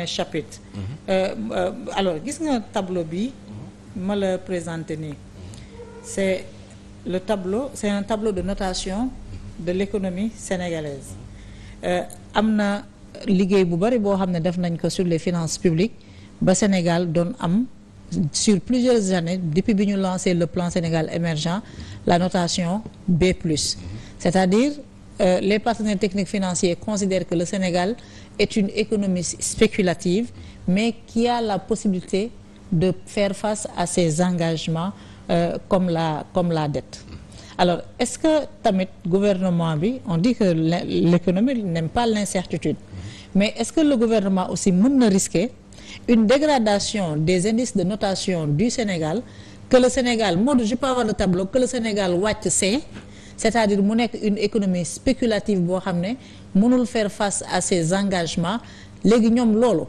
vingt chapitres. Mhm. Euh, euh, alors gis nga tableau bi ma la présenté nii c'est le tableau c'est un tableau de notation de l'économie sénégalaise euh, am na liggéey bu bari boo xam ne def nañ ko sur les finances publiques ba Sénégal doon am sur plusieurs années depuis bi ñu lancé le plan Sénégal émergent la notation B plus mhm. c'est-à-dire les partenaires techniques financiers considèrent que le Sénégal est une économie spéculative, mais qui a la possibilité de faire face à ses engagements euh, comme, la, comme la dette. Alors, est-ce que tamit gouvernement bi on dit que l'économie n'aime pas l'incertitude mais est-ce que le gouvernement aussi mun na risquer une dégradation des indices de notation du Sénégal que le Sénégal moo je peux avoir le tableau que le Sénégal wàcc c'est c'est-à-dire mu nekk une économie spéculative boo xam ne mënul fair face à ses engagements léegi ñoom loolu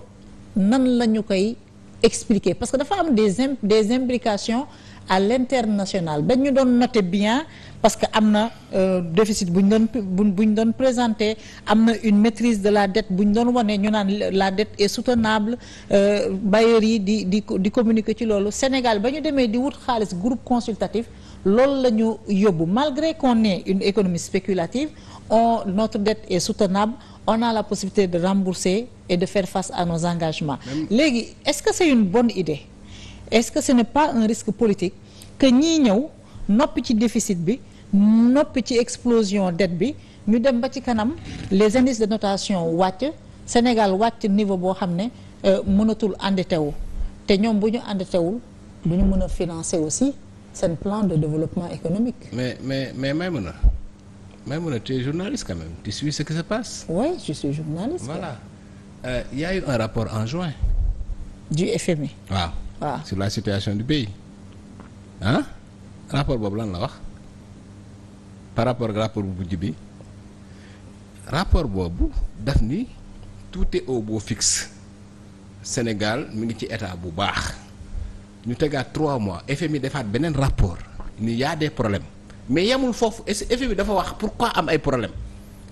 nan la ñu koy expliquer parce que dafa am des des implications à l'international dañ ñu doon noter bien parce que am na euh, déficit bu ñu doon bu ñu doon présenté am na une maîtrise de la dette bu ñu doon wane ñu naan la dette est soutenable euh, bailleurs yi di di di communiquer ci loolu Sénégal ba ñu demee di wut xaalis groupe consultatif loolu la ñu yóbbu malgré qu'on ait une économie spéculative on notre dette est soutenable on na la possibilité de rembourser et de faire face à nos engagements léegi est-ce que c'est une bonne idée est-ce que ce n'est pas un risque politique que ñii ñëw noppi ci déficit bi noppi ci explosion dette bi ñu dem ba ci kanam les indices de notation wàcc Sénégal wàcc niveau boo xam ne euh, mënatul endetté wu te ñoom bu ñu endetté wul ñu mën a financer aussi seen plan de développement économique. mais mais mais Maïmouna Maïmouna tu es journaliste quand même tu suis ce qui se passe. oui je suis journaliste. voilà euh, y a eu un rapport en juin. du FMI. waaw waaw sur la situation du pays ah rapport boobu lan la wax par rapport ak rapport bu mujj bi rapport boobu daf ni tout est au beau fixe Sénégal mi ngi ci état bu baax. ñu tegaat trois mois FMI defaat beneen rapport ni y a des problèmes mais yemul foofu FMI dafa wax pour pourquoi am ay problème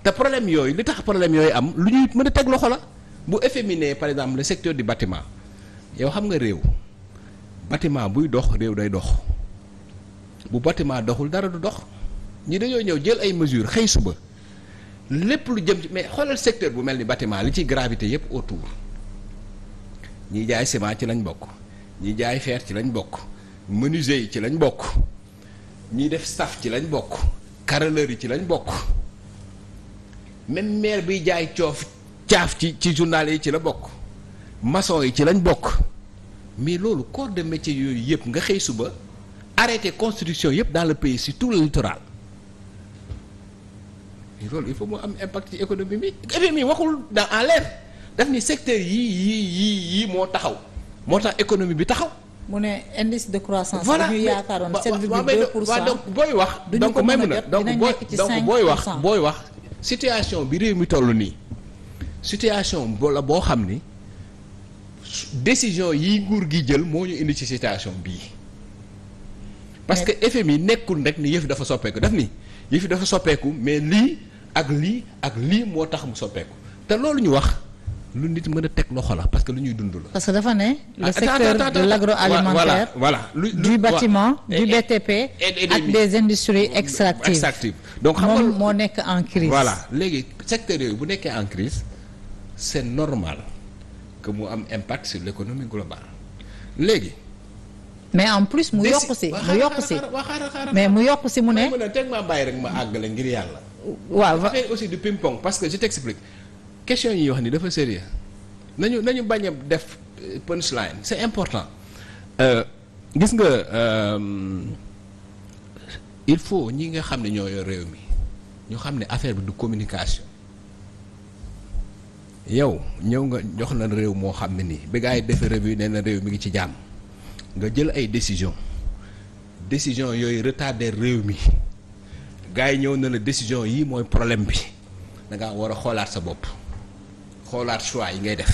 te problème yooyu li tax problème yooyu am lu ñuy mën a teg loxo la bu FMI ne par exemple le secteur du bâtiment yow xam nga réew bâtiment buy dox réew day dox bu bâtiment doxul dara du dox ñi dañoo ñëw jël ay mesures xëy suba lépp lu jëm mais xoolal secteur bu mel ni bâtiment li ci gravité yépp autour ñiy jaay ciment ci lañ bokk. ñi jaay fer ci lañ bokk menuisier yi ci lañ bokk ñi def saf ci lañ bokk carreleurs yi ci lañ bokk même maire biy jaay coof caaf ci ci journal yi ci la bokk maçon yi ci lañ bokk mais loolu corps de métier yooyu yëpp nga xëy suba arrêté construction yëpp dans le pays sur tout le littoral loolu il faut mu am impact ci économie bi FMI waxul dans en l'air daf ni secteur yii yii yii yii moo taxaw moo tax économie bi taxaw. mu ne indice de croissance. voilà ñu yaakaaroon 7,2 pour cent donc booy wax. donc ko mën a donc booy wax booy wax. situation bi réew mi toll nii situation boo la boo xam ni décision yi nguur gi jël moo ñu indi ci situation bii. parce que FMI nekkul rek ni yëf dafa soppeeku daf ni yëf dafa soppeeku mais lii ak lii ak lii moo tax mu soppeeku te loolu ñu wax. lu nit mën a teg loxo la parce que lu ñuy dund la. parce que dafa ne. le ah, secteur de l'agroalimentaire voilà voilà du bâtiment du BTP. ak des industries extractives. donc xam nga moo nekk en crise voilà léegi secteur yooyu bu nekkee en crise c'est normal que mu am impact sur l'économie globale léegi. mais en plus mu yokk si mu yokk si mais mu yokk si mu ne. teg maa bàyyi rek ma àggale ngir yàlla. waaw va aussi du ping pong parce que je t'explique. question yi wax ni dafa sérieux nañu nañu bañ a def euh, punchline c'est important euh, gis nga euh, il faut ñi nga xam ne ñoo yor réew mi ñu xam ne affaire bi du communication yow ñëw nga jox na réew moo xam ne nii bi gars yi defee revue nee na réew mi ngi ci jàmm nga jël ay décision décision yooyu retardé réew mi gars yi ñëw na la décision yi mooy problème bi da ngaa war a xoolaat sa bopp xoolaat choix yi ngay def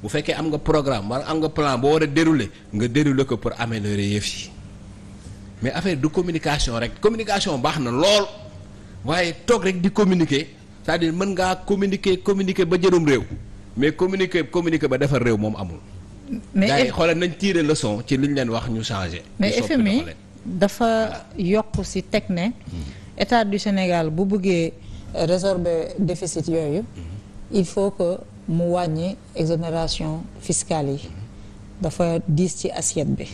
bu fekkee am nga programme wala am nga plan boo war a dérouler nga dérouler ko pour améliorer yëf yi mais affaire du communication rek communication baax na lool waaye toog rek di communiquer cest à mën ngaa communiquer communiquer ba jërum réew mais communiquer communiquer ba defar réew moom amul. mais gars yi xoolal nañ tirer leçon ci li ñu leen wax ñu changer. mais FMI dafa yokk si teg ne mhm. état du Sénégal bu bëggee résorber déficit yooyu. Mhm. il faut que mu wàññi exonération fiscale yi dafa diis ci assiette bi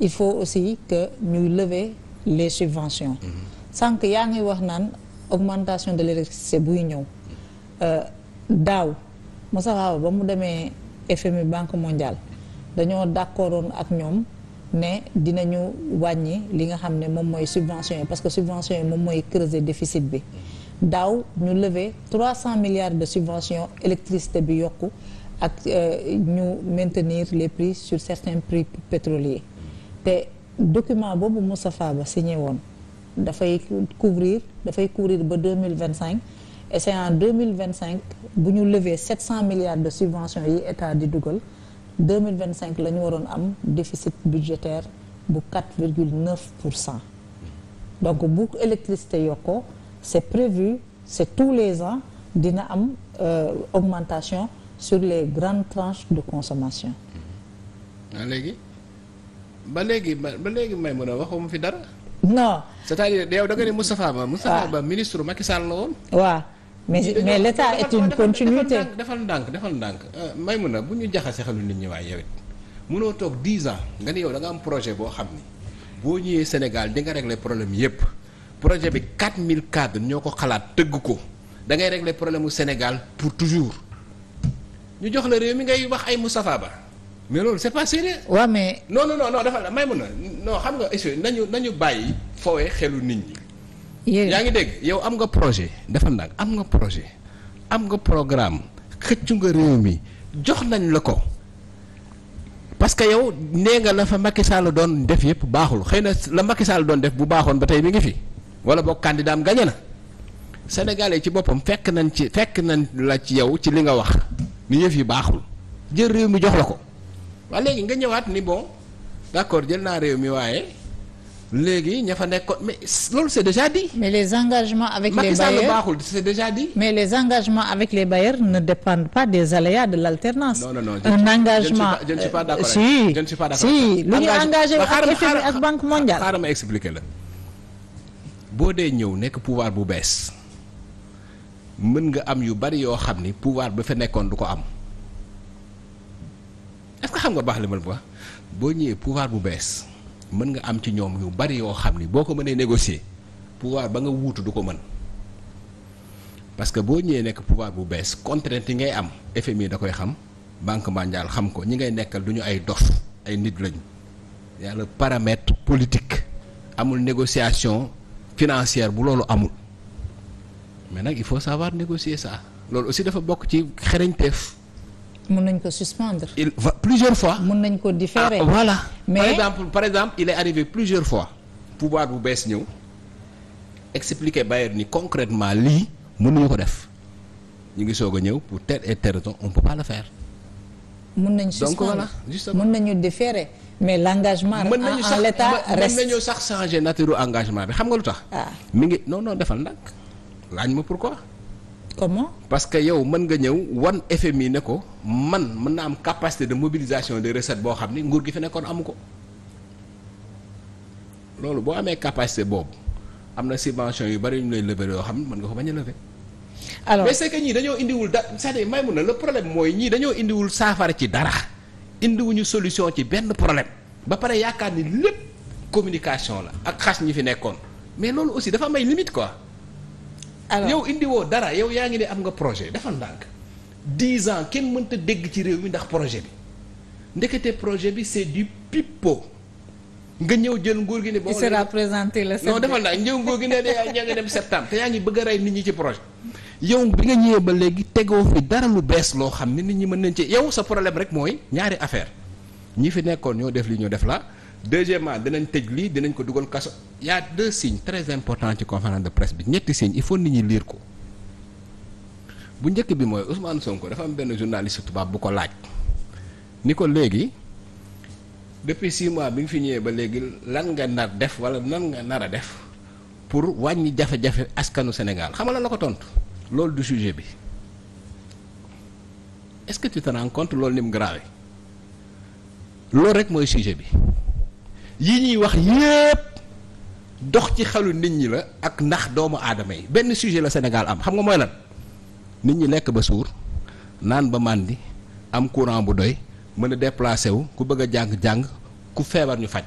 il faut aussi que ñuy lever les subventions sànq yaa ngi wax naan augmentation de l'électricité buy ñëw euh, daaw ma Moussa Awa ba mu demee FMI Banque mondiale dañoo d'accordoon ak ñoom ne dinañu wàññi li nga xam ne moom mooy subvention yi parce que subvention yi moom mooy creuser déficit bi daaw ñu lever 300 milliards de subventions électricité bi yokku ak euh, ñu maintenir les prix sur certains prix pétroliers te document boobu Moustapha Ba signé woon dafay couvrir dafay couvrir ba 2025 et c'est en 2025 bu ñu lever 700 milliards de subvention yi état di dugal 2025 la ñu waroon am déficit budgétaire bu 4,9 pour cent donc bu électricité yokkoo c'est prévu c'est tous les ans dina am euh, augmentation sur les grandes tranches de consommation. Mm-hmm. ah léegi ba léegi ba léegi may mën a waxuma fi dara. non c'est-à-dire yow da nga ne Moustapha Ba. Moustapha Ba ah. ministre Macky Sall la woon. waaw mais mais l'État est une continuité. defal ndànk defal ndànk euh, may mën a bu ñu jaxase xelu nit ñi waaye yow it mënoo toog 10 ans nga ne yow da nga am projet boo xam ni boo ñëwee Sénégal di nga régler problème yépp projet bi mille cadres ñoo ko xalaat tëgg ko dangay ngay problème mu Sénégal pour toujours ñu jox la réew mi ngay wax ay Moustapha Ba mais loolu c'est pas sérieux. waaw mais. non non non dafa may mun na non xam nga nañu nañu bàyyi foowee xelu nit ñi. yaa ngi dégg yow am nga projet dafa nag am nga projet am nga programme xëccu nga réew mi jox nañ la ko. parce que yow nee nga la fa Macky Sall doon def yëpp baaxul xëy na la Macky Sall doon def bu baaxoon ba tey mi ngi fi. wala boog candidat am gañe na sénégalais ci boppam fekk nañ ci fekk nañ la ci yow ci li nga wax ni yëf yi baaxul jël réew mi jox la ko waa léegi nga ñëwaat ni bon d'accord jël naa réew mi waaye léegi ña fa nekkoon mais loolu c'est déjà dit. mais les engagements avec les bailleurs mais les engagements avec les bailleurs ne dépendent pas des aléas de l'alternance. non non non un engagement je ne suis si lu ñu engagé ak FMI ak Banque mondiale. xaaral ma la. boo dee ñëw nekk pouvoir bu bees mën nga am yu bari yoo xam ni pouvoir ba fa nekkoon du ko am est-ce xam nga baax li ma la wax boo ñëwee pouvoir bu bees mën nga am ci ñoom yu bari yoo xam ni boo ko mënee négocier pouvoir ba nga wuutu du ko mën parce que boo ñëwee nekk pouvoir bu bees contrainte yi ngay am FMI da koy xam banque mondiale xam ko ñi ngay nekkal du ñu ay dof ay nit lañu yàlla paramètre politique amul négociation. financière bu loolu amul mais nag il faut savoir négocier ça loolu aussi dafa bokk ci xereñteef. mën nañ ko suspendre. il plusieurs fois. mun nañ ko différer ah, voilà. mais par exemple par exemple il est arrivé plusieurs fois. pouvoir bu bees ñëw expliquer Bayer ni concrètement lii mën nañu ko def ñu ngi soog a ñëw pour telle et telle raison on peut pas le faire. mun nañ suspendre mën nañu déférer mais l' engagement. mën nañu sax en l' état reste sax changer nature engagement bi xam nga lu tax. Ah. mi ngi non non defal ndànk laaj ma pourquoi. comment. parce que yow mën nga ñëw wan FMI ne ko man mën na am capacité de mobilisation des recettes boo xam ni nguur gi fi nekkoon amu ko loolu boo amee capacité boobu am na subvention yu bari ñu lay lever yoo xam ne mën nga ko bañ a lever. alors mais c'est ñii dañoo indiwul da cest à may mun na le problème mooy ñii dañoo indiwul saafara ci dara indiwuñu solution ci benn problème ba pare yaakaar ni lépp communication la ak xas ñi fi nekkoon mais loolu aussi dafa may limite quoi. alors yow indiwoo dara yow yaa ngi ne am nga projet defal ndànk dix ans kenn mënta dégg ci réew mi ndax projet bi ndekete projet bi c'est du pipeau. nga ñëw jël nguur gi ne. il sera présenté le non defal naa ñëw nguur gi ne yaa ngi dem septembre te yaa ngi bëgg a rey nit ñi ci projet. yow bi nga ñëwee ba léegi tegoo fi dara lu bees loo xam ne nit ñi mën nañ ci yow sa problème rek mooy ñaari affaire ñi fi nekkoon ñoo def li ñu def la deuxièmement dinañ tëj lii dinañ ko dugal kaso. yaa a deux signes très important ci conférence de presse bi ñetti signes il faut nit ñi lire ko bu njëkk bi mooy Ousmane Sonko dafa am benn journaliste tubaab bu ko laaj ni ko léegi. depuis six mois bi nga fi ñëwee ba léegi lan nga nar def wala nan nga nar a def pour wàññi jafe-jafe askanu Sénégal xam nga lan la ko tontu loolu du sujet bi est-ce que tu te loolu ni mu grave loolu rek mooy sujet bi yi ñuy wax yépp dox ci xelu nit ñi la ak ndax doomu aadama yi benn sujet la Sénégal am xam nga mooy lan nit ñi lekk ba suur naan ba màndi am courant bu doy. mën a déplacé wu ku bëgg a jàng-jàng ku feebar ñu faj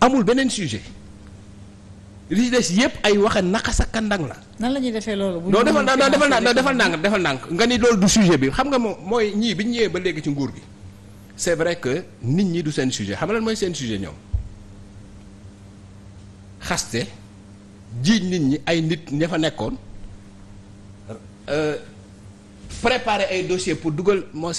amul beneen sujet li des yëpp ay waxe naqas ak kandang la. na la ñuy defee loolu. bu ñu defal naa defal naa defal naa defal naa nga ni loolu du sujet bi xam nga moo mooy ñii bi ñu ñëwee ba léegi ci nguur gi c'est vrai que nit ñi du seen sujet xam nga lan mooy seen sujet ñoom xaste jiiñ nit ñi ay nit ña fa nekkoon euh, préparer ay dossier pour dugal moo